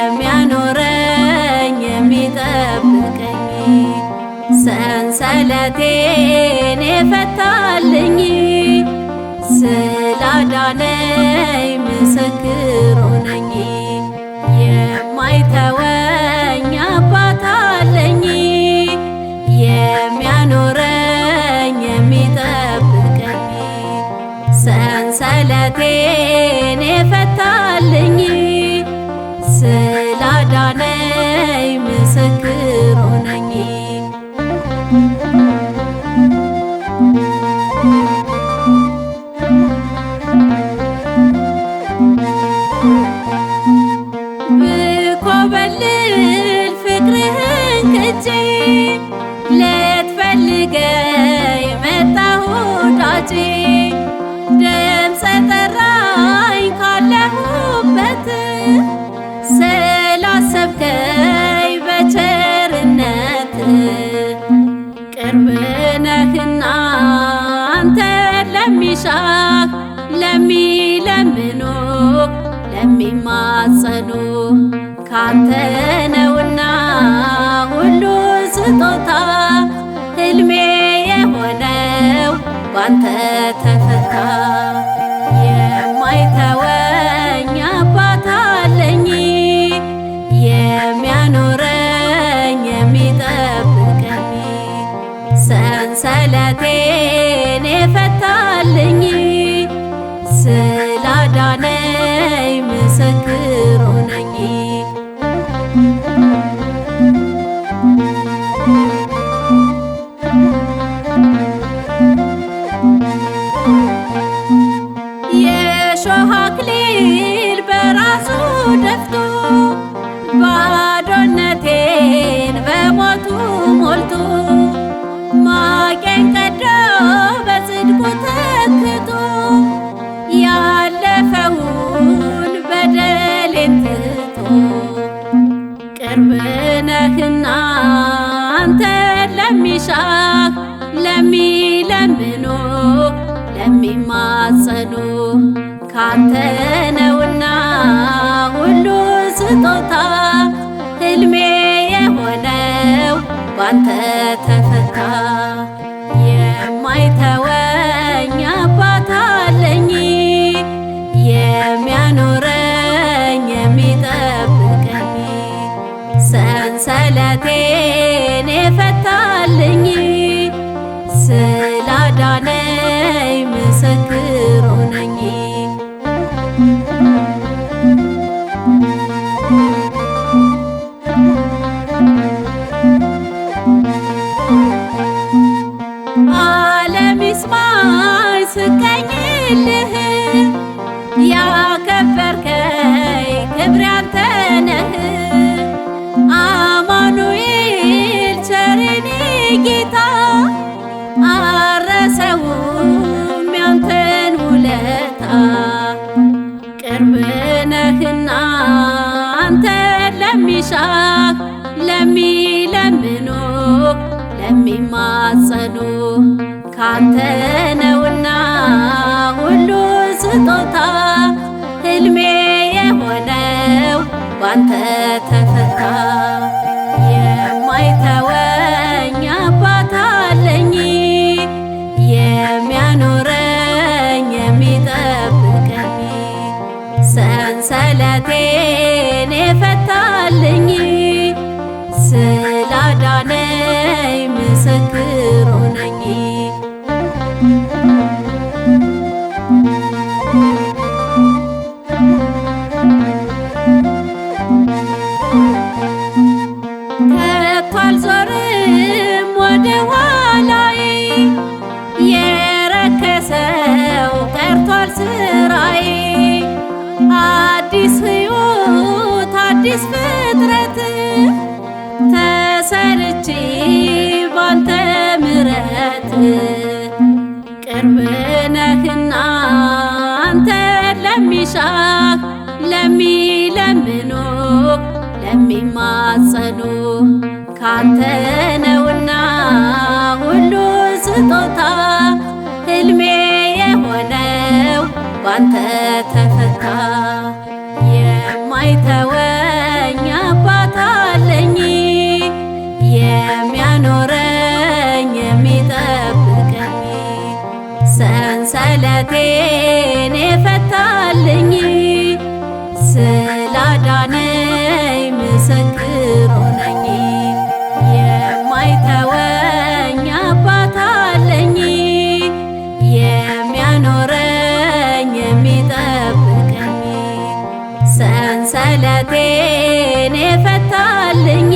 የሚያኖረኝ የሚጠብቀኝ ሰንሰለቴን የፈታልኝ ስላዳነኝ ምስክሩ ነኝ የማይተወኝ አባት አለኝ የሚያኖረኝ የሚጠብቀኝ ሰንሰለቴን የፈታልኝ ስላዳነኝ ምስክሩ ነኝ። ብኮበልል ፍቅርህን ልትፈልገኝ መጣሁ ዳጄ አንተ ለሚሻህ ለሚለምኑ ለሚማጸኑ ካንተ ነው ምስክሩ ነኝ። የሾህ አክሊል በራሱ ደፍቶ መነሻ ለሚለምኑ ለሚማጸኑ ካንተ ነውና ሁሉ ስጦታ ህልሜ የሆነው ባንተ ተፈታ የማይተወ ሰንሰለቴን የፈታልኝ ስላዳነኝ ምስክሩ ነኝ። ዓለም ይስማኝ ስቀኝልህ ያከበርከኝ አንተን ለሚሻ ለሚለምኑ ለሚማጸኑ ካንተ ነውና ሁሉ ስጦታ ህልሜ የሆነው ባንተ ተፈታ ሰርቼ ባንተ ምረት ቅርብ ነህና አንተ ለሚሻ ለሚለምኑ ለሚማጸኑ ካንተ ነውና ሁሉ ስጦታ ህልሜ የሆነው ባንተ ተፈታ የማይተወ ጠለቴን የፈታልኝ ስላዳነኝ ምስክሩ ነኝ። የማይተወኝ አባት አለኝ የሚያኖረኝ የሚጠብቀኝ ሰንሰለቴን የፈታልኝ